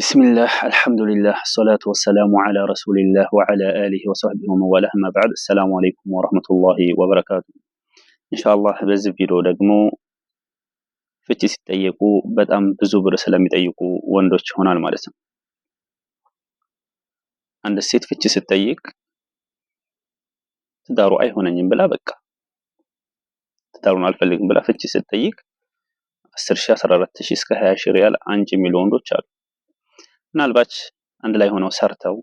بسم الله الحمد لله الصلاة والسلام على رسول الله وعلى آله وصحبه ومن والاه ما بعد السلام عليكم ورحمة الله وبركاته إن شاء الله بز فيديو دقمو فتي ستايقو بدأم بزوبر سلامي تايقو واندوش هنا المارسة عند السيد فتي ستايق تدارو أي هنا بلا بكا تدارو نالفلق بلا فتي ستايق السرشا سرارتشيسك هاشريال أنجي ميلون دو ምናልባት አንድ ላይ ሆነው ሰርተው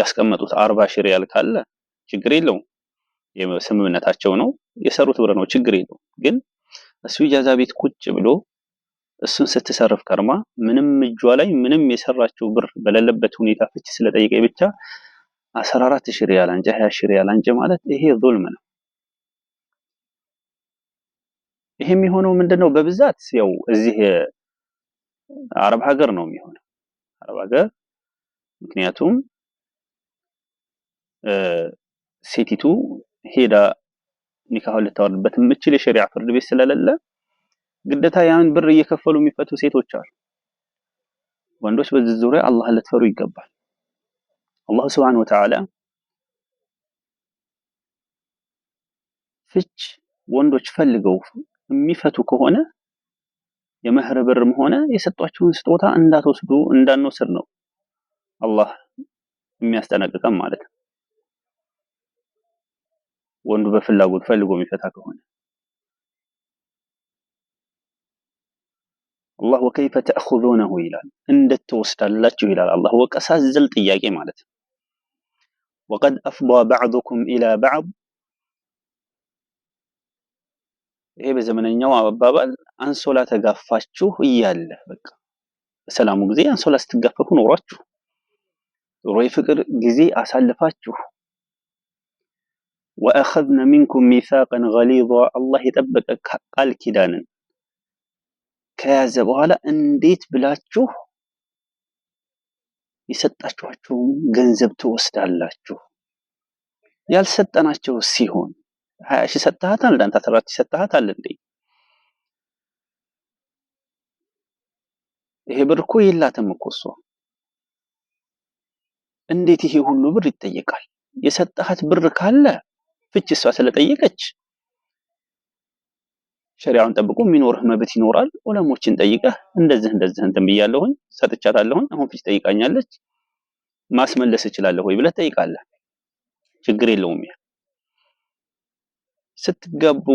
ያስቀመጡት አርባ ሺህ ሪያል ካለ ችግር የለው ስምምነታቸው ነው የሰሩት ብር ነው ችግር የለው ግን እሱ ኢጃዛ ቤት ቁጭ ብሎ እሱን ስትሰርፍ ከርማ ምንም እጇ ላይ ምንም የሰራቸው ብር በሌለበት ሁኔታ ፍች ስለጠየቀ ብቻ 14 ሺህ ሪያል አንጨ 20 ሺህ ሪያል አንጨ ማለት ይሄ ዙልም ነው ይሄ የሚሆነው ምንድነው በብዛት ያው እዚህ አረብ ሀገር ነው የሚሆነው። አረብ ሀገር ምክንያቱም ሴቲቱ ሄዳ ኒካሁን ልታወርድበት የምችል የሸሪዓ ፍርድ ቤት ስለሌለ ግዴታ ያን ብር እየከፈሉ የሚፈቱ ሴቶች አሉ። ወንዶች በዚህ ዙሪያ አላህን ልትፈሩ ይገባል። አላሁ ሱብሓነሁ ወተዓላ ፍች ወንዶች ፈልገው የሚፈቱ ከሆነ የመህር ብርም ሆነ የሰጧችሁን ስጦታ እንዳትወስዱ እንዳንወስድ ነው አላህ የሚያስጠነቅቀም ማለት ነው። ወንዱ በፍላጎት ፈልጎ የሚፈታ ከሆነ አላህ ወከይፈ ተእኹዙነሁ ይላል፣ እንዴት ትወስዳላችሁ ይላል አላህ። ወቀሳ ጥያቄ ማለት ነው። ወቀድ አፍዳ በዕዱኩም ኢላ በዕድ ይሄ በዘመነኛው አባባል አንሶላ ተጋፋችሁ እያለ በቃ በሰላሙ ጊዜ አንሶላ ስትጋፈፉ ኖሯችሁ ጥሩ የፍቅር ጊዜ አሳልፋችሁ ወአኸዝነ ሚንኩም ሚሳቅን ገሊዛ አላህ የጠበቀ ቃል ኪዳንን ከያዘ በኋላ እንዴት ብላችሁ የሰጣችኋቸውን ገንዘብ ትወስዳላችሁ? ያልሰጠናቸው ሲሆን ሀያ ሺህ ሰጥሃታል እንደ አንተ ሺህ ሰጥሃታል እንዴ? ይሄ ብር እኮ የላትም እኮ እሷ። እንዴት ይሄ ሁሉ ብር ይጠየቃል? የሰጠሃት ብር ካለ ፍች እሷ ስለጠየቀች ሸሪያውን ጠብቆ የሚኖርህ መብት ይኖራል። ዑለሞችን ጠይቀህ እንደዚህ እንደዚህ እንትን ብያለሁኝ ሰጥቻታለሁኝ፣ አሁን ፍች ጠይቃኛለች ማስመለስ እችላለሁ ወይ ብለህ ጠይቃለህ። ችግር የለውም ያ ስትገቡ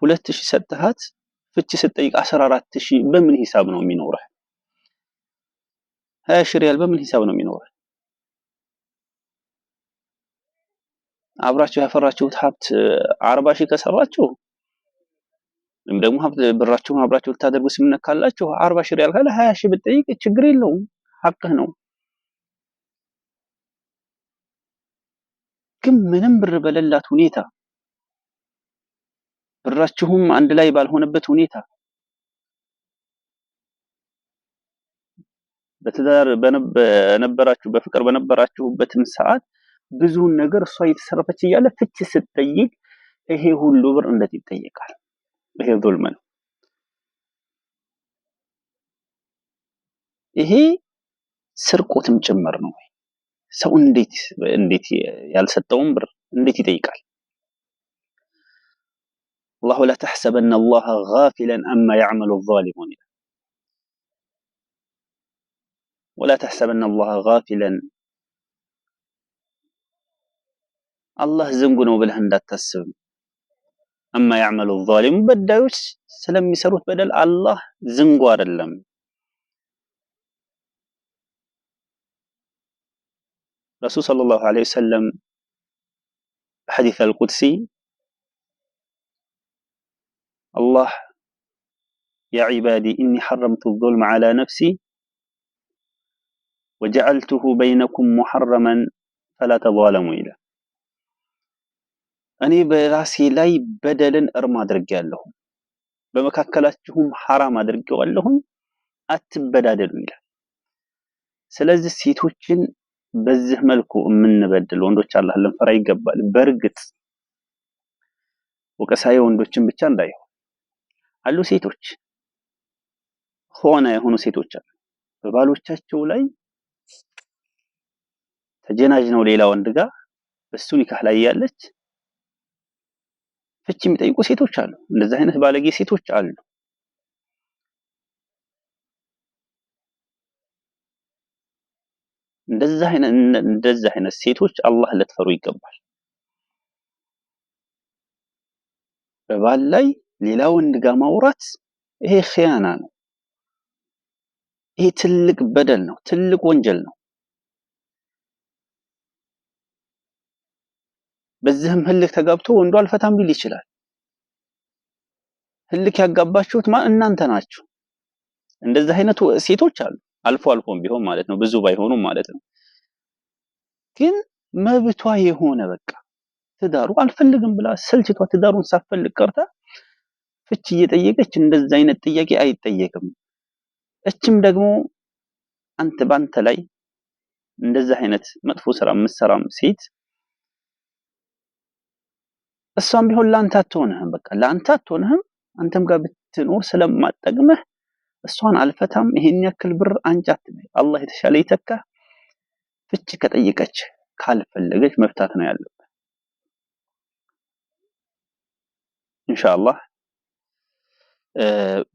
ሁለት ሺህ ሰጥሃት ፍቺ ስትጠይቅ አስራ አራት ሺህ በምን ሂሳብ ነው የሚኖረህ? ሀያ ሺህ ሪያል በምን ሂሳብ ነው የሚኖረህ? አብራችሁ ያፈራችሁት ሀብት አርባ ሺህ ከሰራችሁ ወይም ደግሞ ሀብት ብራችሁን አብራችሁ ልታደርጉ ስምነት ካላችሁ አርባ ሺህ ሪያል ካለ ሀያ ሺህ ብትጠይቅ ችግር የለውም ሀቅህ ነው። ግን ምንም ብር በሌላት ሁኔታ ብራችሁም አንድ ላይ ባልሆነበት ሁኔታ በትዳር በነበራችሁ በፍቅር በነበራችሁበትም ሰዓት ብዙውን ነገር እሷ እየተሰረፈች እያለ ፍቺ ስትጠይቅ ይሄ ሁሉ ብር እንዴት ይጠየቃል? ይሄ ዙልም ነው። ይሄ ስርቆትም ጭምር ነው። ሰው እንዴት እንዴት ያልሰጠውን ብር እንዴት ይጠይቃል? الله لا تحسب أن الله غافلا أما يعمل الظالمون ولا تحسب أن الله غافلا الله زنقنا بالهند التسم أما يعمل الظالم بدأوش سلم يسروه بدل الله زنقوار اللم رسول صلى الله عليه وسلم حديث القدسي አላህ ያ ዒባዲ እኒ ሐረምቱ ዙልመ ዓላ ነፍሲ ወጀዐልቱሁ በይነኩም ሙሐረመን ፈላ ተዟለሙ ይላል። እኔ በራሴ ላይ በደልን እርም አድርጌያለሁ፣ በመካከላችሁም ሐራም አድርጌዋለሁም አትበዳደሉ ይላል። ስለዚህ ሴቶችን በዚህ መልኩ የምንበድል ወንዶች አላህን ልንፈራ ይገባል። በእርግጥ ወቀሳ የወንዶችን ብቻ እንዳይሆን አሉ ሴቶች ሆና የሆኑ ሴቶች አሉ። በባሎቻቸው ላይ ተጀናጅ ነው ሌላ ወንድ ጋር እሱ ኒካህ ላይ ያለች ፍቺ የሚጠይቁ ሴቶች አሉ። እንደዚህ አይነት ባለጌ ሴቶች አሉ። እንደዛ አይነት እንደዛ አይነት ሴቶች አላህ ልትፈሩ ይገባል። በባል ላይ ሌላ ወንድ ጋር ማውራት ይሄ ኺያና ነው። ይሄ ትልቅ በደል ነው፣ ትልቅ ወንጀል ነው። በዚህም ህልክ ተጋብቶ ወንዱ አልፈታም ቢል ይችላል። ህልክ ያጋባችሁት ማን እናንተ ናችሁ። እንደዚህ አይነቱ ሴቶች አሉ፣ አልፎ አልፎም ቢሆን ማለት ነው፣ ብዙ ባይሆኑም ማለት ነው። ግን መብቷ የሆነ በቃ ትዳሩ አልፈልግም ብላ ሰልችቷ ትዳሩን ሳፈልግ ቀርታ ፍች እየጠየቀች እንደዚህ አይነት ጥያቄ አይጠየቅም። እችም ደግሞ አንተ ባንተ ላይ እንደዚህ አይነት መጥፎ ስራ የምትሰራም ሴት እሷም ቢሆን ለአንተ አትሆንህም። በቃ ለአንተ አትሆንህም። አንተም ጋር ብትኖር ስለማጠቅምህ እሷን አልፈታም፣ ይሄን ያክል ብር አንጫት። አላህ የተሻለ ይተካ። ፍች ከጠየቀች ካልፈለገች መፍታት ነው ያለብህ ኢንሻአላህ።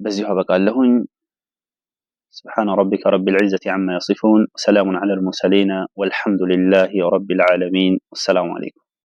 በዚሁ آه، لهن سبحان ربك رب العزة عما يصفون وسلام على المرسلين والحمد لله رب العالمين والسلام عليكم